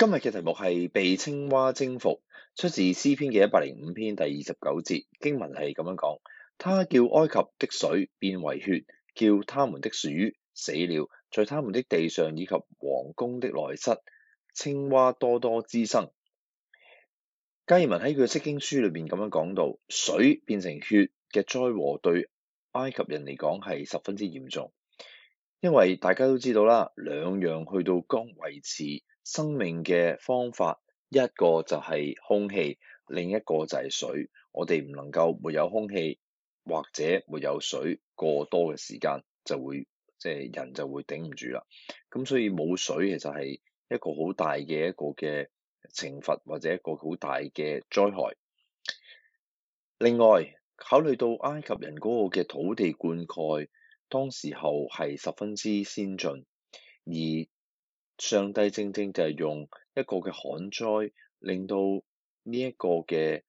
今日嘅題目係被青蛙征服，出自詩篇嘅一百零五篇第二十九節經文係咁樣講：他叫埃及的水變為血，叫他們的鼠死了，在他們的地上以及王宮的內室，青蛙多多滋生。加爾文喺佢嘅釋經書裏邊咁樣講到，水變成血嘅災禍對埃及人嚟講係十分之嚴重，因為大家都知道啦，兩樣去到江維持。生命嘅方法一個就係空氣，另一個就係水。我哋唔能夠沒有空氣或者沒有水，過多嘅時間就會即係、就是、人就會頂唔住啦。咁所以冇水其實係一個好大嘅一個嘅懲罰或者一個好大嘅災害。另外考慮到埃及人嗰個嘅土地灌溉，當時候係十分之先進，而上帝正正就係用一個嘅旱災，令到呢一個嘅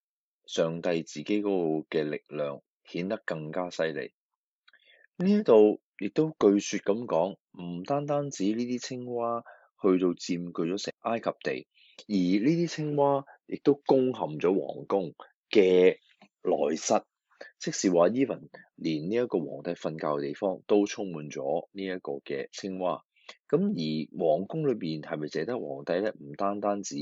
上帝自己嗰個嘅力量顯得更加犀利。呢度亦都據說咁講，唔單單指呢啲青蛙去到佔據咗成埃及地，而呢啲青蛙亦都攻陷咗皇宮嘅內室，即是話，even 連呢一個皇帝瞓覺嘅地方都充滿咗呢一個嘅青蛙。咁而皇宮裏邊係咪淨係得皇帝咧？唔單單止，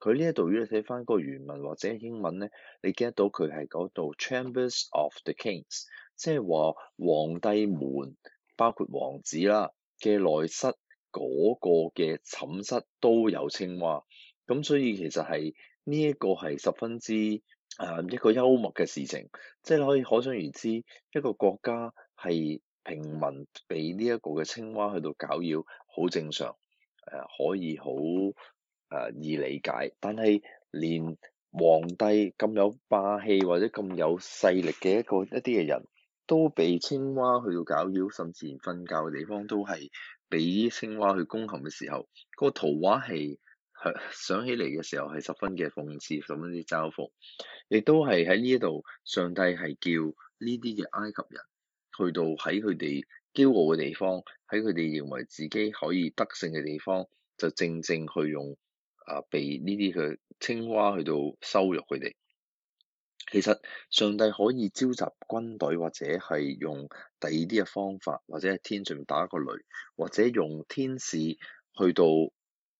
佢呢一度如果你睇翻嗰個原文或者英文咧，你 get 得到佢係嗰度 chambers of the kings，即係話皇帝們包括王子啦嘅內室嗰個嘅寢室都有青蛙。咁所以其實係呢一個係十分之啊、呃、一個幽默嘅事情，即、就、係、是、可以可想而知一個國家係。平民被呢一個嘅青蛙去到搞擾好正常，誒可以好誒、呃、易理解。但係連皇帝咁有霸氣或者咁有勢力嘅一個一啲嘅人都被青蛙去到搞擾，甚至連瞓覺嘅地方都係俾青蛙去攻陷嘅時候，個圖畫係想起嚟嘅時候係十分嘅諷刺，十分之嘲諷，亦都係喺呢一度，上帝係叫呢啲嘅埃及人。去到喺佢哋驕傲嘅地方，喺佢哋認為自己可以得勝嘅地方，就正正去用啊被呢啲嘅青蛙去到羞辱佢哋。其實上帝可以召集軍隊，或者係用第二啲嘅方法，或者喺天上面打一個雷，或者用天使去到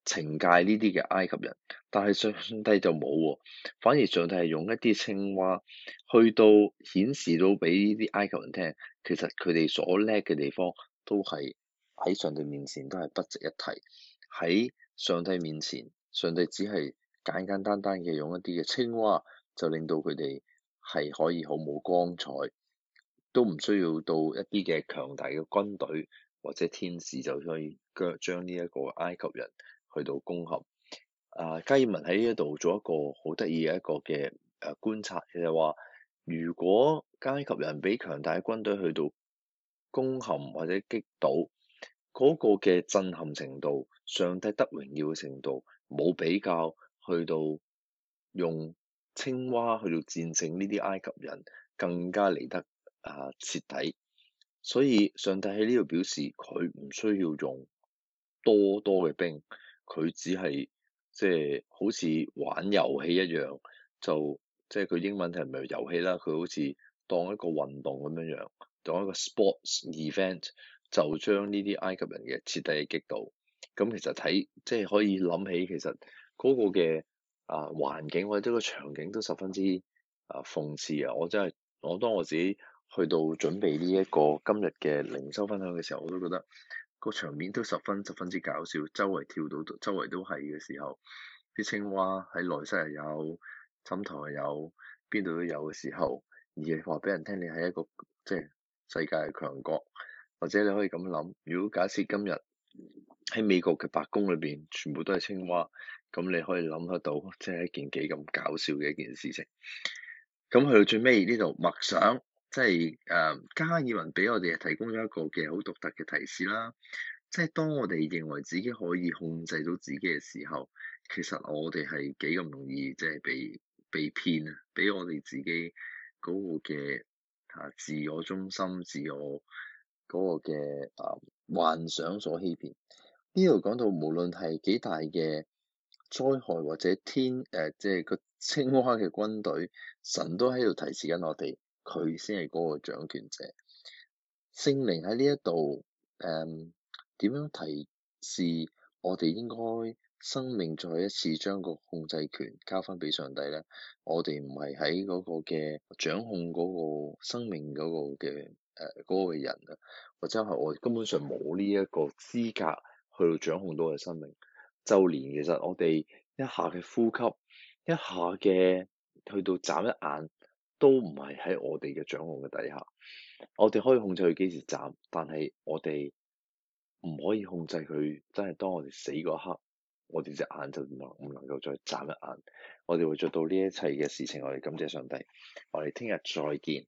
懲戒呢啲嘅埃及人，但係上帝就冇喎、啊，反而上帝係用一啲青蛙去到顯示到俾呢啲埃及人聽，其實佢哋所叻嘅地方都係喺上帝面前都係不值一提。喺上帝面前，上帝只係簡簡單單嘅用一啲嘅青蛙，就令到佢哋係可以好冇光彩，都唔需要到一啲嘅強大嘅軍隊或者天使就可以將將呢一個埃及人。去到攻陷，啊，加爾文喺呢一度做一個好得意嘅一個嘅誒觀察，就係話，如果埃及人俾強大嘅軍隊去到攻陷或者擊倒，嗰個嘅震撼程度，上帝得榮耀嘅程度，冇比較去到用青蛙去到戰勝呢啲埃及人更加嚟得啊徹底，所以上帝喺呢度表示佢唔需要用多多嘅兵。佢只係即係好似玩遊戲一樣，就即係佢英文係咪遊戲啦？佢好似當一個運動咁樣樣，當一個 sports event 就將呢啲埃及人嘅徹底激到。咁其實睇即係可以諗起，其實嗰個嘅啊環境或者個場景都十分之啊諷刺啊！我真係我當我自己去到準備呢一個今日嘅靈修分享嘅時候，我都覺得。個場面都十分十分之搞笑，周圍跳到周圍都係嘅時候，啲青蛙喺內室又有，枕頭又有，邊度都有嘅時候，而係話俾人聽你係一個即係、就是、世界嘅強國，或者你可以咁諗，如果假設今日喺美國嘅白宮裏邊全部都係青蛙，咁你可以諗得到，即係一件幾咁搞笑嘅一件事情。咁去到最尾呢度默想。即係誒加爾文俾我哋提供咗一個嘅好獨特嘅提示啦。即係當我哋認為自己可以控制到自己嘅時候，其實我哋係幾咁容易即係被被騙啊！俾我哋自己嗰個嘅啊自我中心、自我嗰個嘅啊幻想所欺騙。呢度講到無論係幾大嘅災害或者天誒、呃，即係個青蛙嘅軍隊，神都喺度提示緊我哋。佢先係嗰個掌權者。聖靈喺呢一度，誒、嗯、點樣提示我哋應該生命再一次將個控制權交翻俾上帝咧？我哋唔係喺嗰個嘅掌控嗰個生命嗰個嘅誒嗰個嘅人啊，或者係我根本上冇呢一個資格去到掌控到嘅生命就連。其實我哋一下嘅呼吸，一下嘅去到眨一眼。都唔係喺我哋嘅掌控嘅底下，我哋可以控制佢幾時眨，但係我哋唔可以控制佢真係當我哋死嗰刻，我哋隻眼就唔能唔能夠再眨一眼。我哋會做到呢一切嘅事情，我哋感謝上帝。我哋聽日再見。